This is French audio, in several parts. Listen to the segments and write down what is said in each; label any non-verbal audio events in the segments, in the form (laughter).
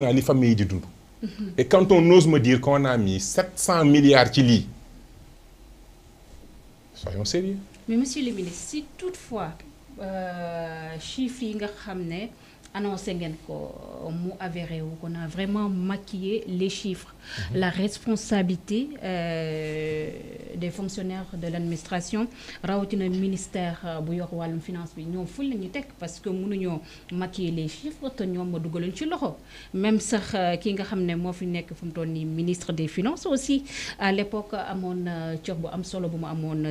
la famille de di et quand on ose me dire qu'on a mis 700 milliards qui lit soyons sérieux mais monsieur le ministre si toutefois euh, annoncé ngeen ko euh, mu avéré wu qu'on a vraiment maquillé les chiffres mhm. la responsabilité euh, des fonctionnaires de l'administration rawatina ministère euh, bu yor wàllum finance bi ñoom ful la ñu parce que mënuñoo maquillé les chiffres nous ñoom ma ci même sax euh, ki nga xam ne fi nekk ministre des finances aussi à l'époque à mon bu am solo bu mu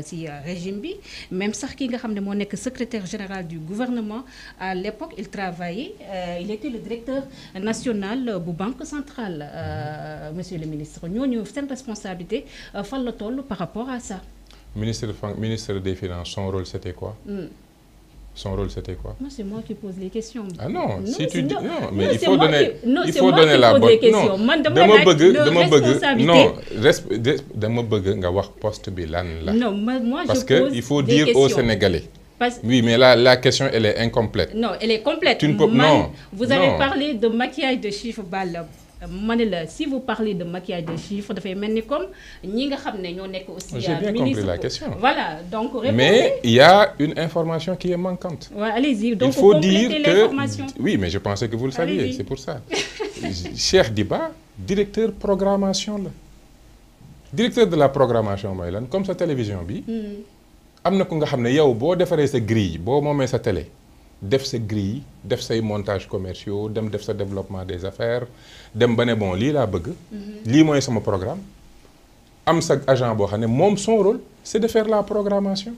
régime bi même sax ki nga xam ne secrétaire général du gouvernement à l'époque il travaillait euh, il était le directeur national de euh, la banque centrale euh, monsieur le ministre nous avons responsabilité une par rapport à ça. ministre ministre des finances son rôle c'était quoi. Hmm. Son rôle, c'était quoi c'est moi qui pose les questions. Ah non, si tu dis... mais il faut donner, qui, il faut donner la bonne... Non, man, de dama bëgg, dama Non, poste Parce que il faut dire aux Sénégalais. Oui, mais la, la, question, elle est incomplète. Non, elle est complète. Tu Vous avez parlé de maquillage de chiffres si vous parlez de maquillage de chiffres, de fait, comme aussi. J'ai bien compris la question. Voilà, donc répondez. Mais il y a une information qui est manquante. Allez-y, donc il faut dire que. Oui, mais je pensais que vous le saviez, c'est pour ça. (laughs) Cher Diba, directeur programmation. Directeur de la programmation, comme sa télévision, bi. Hmm am ko nga xam ne yow bo sa grille bo momé sa télé def sa grille def say montages commerciaux dem def développement des affaires dem bané bon li la bëgg. Mhm. li sama programme. am agent son rôle c'est de faire la programmation.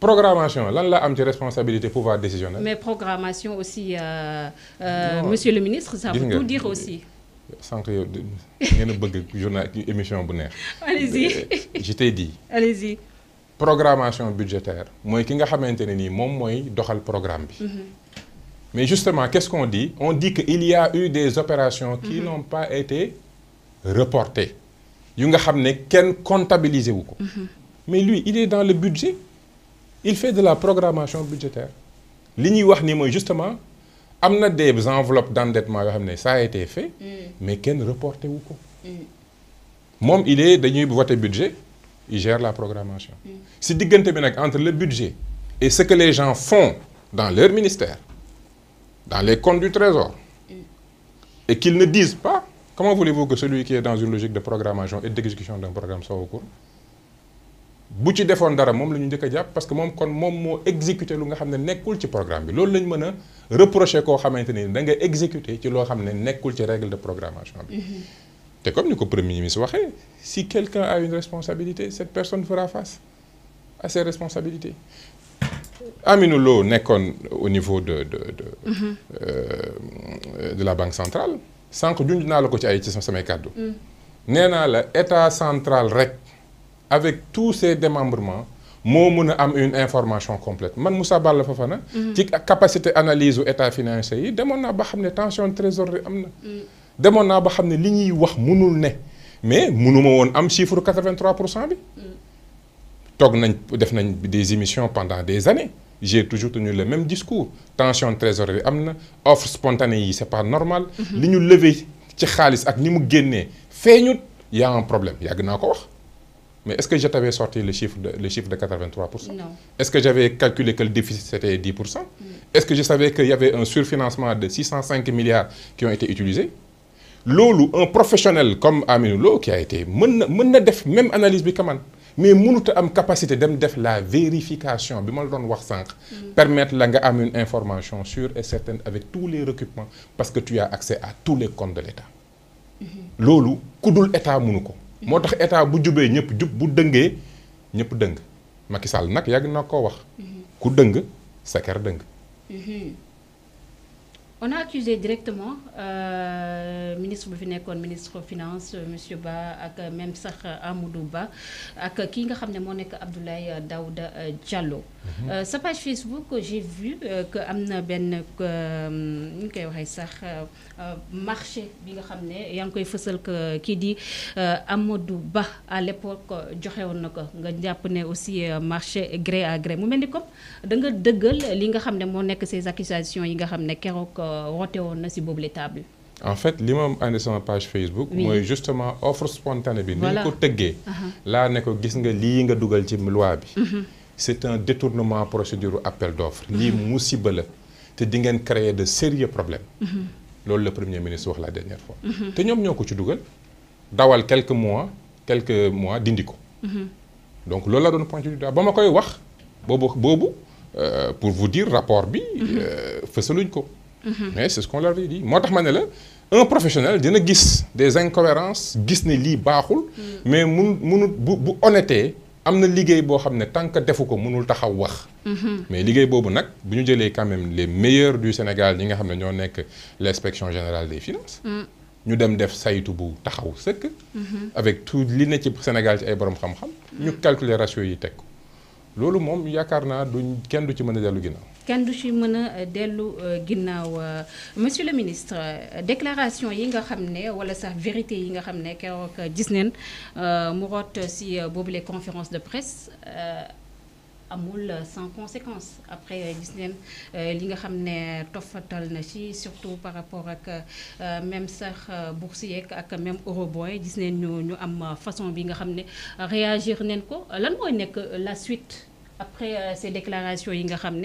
programmation lan la am ci responsabilité pouvoir décisionnel. mais programmation aussi euh, euh, monsieur le ministre. ça veut tout dire aussi. Euh, sànq yow vous a bëgg journal émission bu (laughs) allez-y je t'ai dit. allez-y programmation budgétaire mooy ki nga xamante ne nii moom doxal programme mhm. mais justement qu'est-ce qu'on dit on dit qu'il y a eu des opérations. qui mhm. n'ont pas été reportées. yu nga xam ne comptabilisé wu mhm. mais lui il est dans le budget il fait de la programmation budgétaire li ñuy wax ni mooy justement amène des enveloppes d'endettement ça a été fait. Mm. mais qu'est-ce reporté wu ko. Mom, mm. il est dañuy voter budget il gère la programmation. si diggante bi entre le budget et ce que les gens font dans leur ministère dans les comptes du trésor et qu'ils ne disent pas comment voulez-vous que celui qui est dans une logique de programmation et d'exécution d'un programme soit au courant bu ci defoon dara parce que moom kon moom exécute exécuter lu nga programme bi que la reprocher exécuter ci règle de programmation bi mm-hmm. comme ni le premier ministre si quelqu'un a une responsabilité, cette personne fera face à ses responsabilités. Aminou n'est qu'au au niveau de de de. Mhm. Euh, la banque centrale Sans que nous la ko côté ay ci samay kàddu. Mm. l'État état central avec tous ses démembrements nous avons a une information complète man Moussa Balla Fofana. la mhm. capacité d'analyse de l'État financier yi a eu ba tension de trésorerie am na. Mm. demoon naa ba nous ne mais mënuma won am chiffre 83 bi. nañ def nañ des émissions pendant des années j'ai toujours tenu le même discours tension trésorerie offre spontanée c'est pas normal. Mhm. liñu lever ci fait, ak ni mu il y a un problème yàgg wax. Mais est-ce que je t'avais sorti le chiffre de, le chiffre de 83% Non. Est-ce que j'avais calculé que le déficit c'était 10% mm. Est-ce que je savais qu'il y avait un surfinancement de 605 milliards qui ont été utilisés lolu un professionnel comme Aminou qui a été mën def même analyse bi kaman mais munuta am capacité dem def la vérification bi mal la wax mm. permettre la nga am une information sûre et certaine avec tous les recoupements parce que tu as accès à tous les comptes de l'État. Mm-hmm. lolu kudul état munuko motax mm-hmm. état bu djubé ñep djub bu dëngee ñep dëng Macky Sall nag yàgg ko wax. Mm-hmm. ku dëng sa kër on a accusé directement euh, ministre bu fi nekkoon ministre finance euh, monsieur Ba ak euh, même sax Amadou Ba ak kii nga xam ne nekk Abdoulaye Daouda Diallo. Mhm. sa page Facebook j'ai vu que Amna na benn ñu koy waxee sax marché bi nga xam ne yaa ngi koy fësal que kii di Amadou Ba à l'époque joxe woon na ko nga jàpp ne aussi marché gré à gré mu mel comme da nga dëggal li nga xam ne nekk ces accusations yi nga xam ne woote euh, woon na si les tables en fait li ma andi sama page Facebook. moy justement offre spontanée bi. voilà ni ko tëggee. la ne ko gis nga li nga dugal ci loi bi. Mhm. c'est un détournement procédure appel d'offre. li mhm. musiba la te di ngène créer de sérieux problèmes. Mhm. lolou le premier ministre wax la dernière fois. te ñom ñoko ci dugal dawal quelques mois quelques mois d'indico. donc lolou la doon point du bama koy wax bobu boobu euh, pour vous dire rapport bi. Euh, fësaluñ ko. Mhm. mais c'est ce qu'on leur dit moi tax là un professionnel dina gis des incohérences gis ne lii baaxul. Mhm. mais mun munut bu bu honnêté liguey bo liggéey boo ne tant que taxaw wax. Mhm. mais liguey bobu nak buñu ñu quand même les meilleurs du Sénégal ñi nga xam ño nek l'inspection générale des finances. Mm. ñu dem def saytu bu taxaw seuk avec tout li ne ci Sénégal ci ay borom xam-xam. ñu mm. calculer ratio yi tek lolu mom moom yaakaar naa duñ kenn du ci mëna a dellu kenn ci mëna euh, delu euh, ginnaw euh, monsieur le ministre déclaration yi nga xamné wala sax vérité yi nga xamné ne keroog gis neen mu ci si boobule conférence de presse amul sans conséquence après gis neen li nga xamné tofatal na ci surtout par rapport ak même sax boursier ak même eurobond gis neen ñu ñu am façon bi nga xamné réagir neen ko lan moy nek la suite après ces déclarations yi nga xamné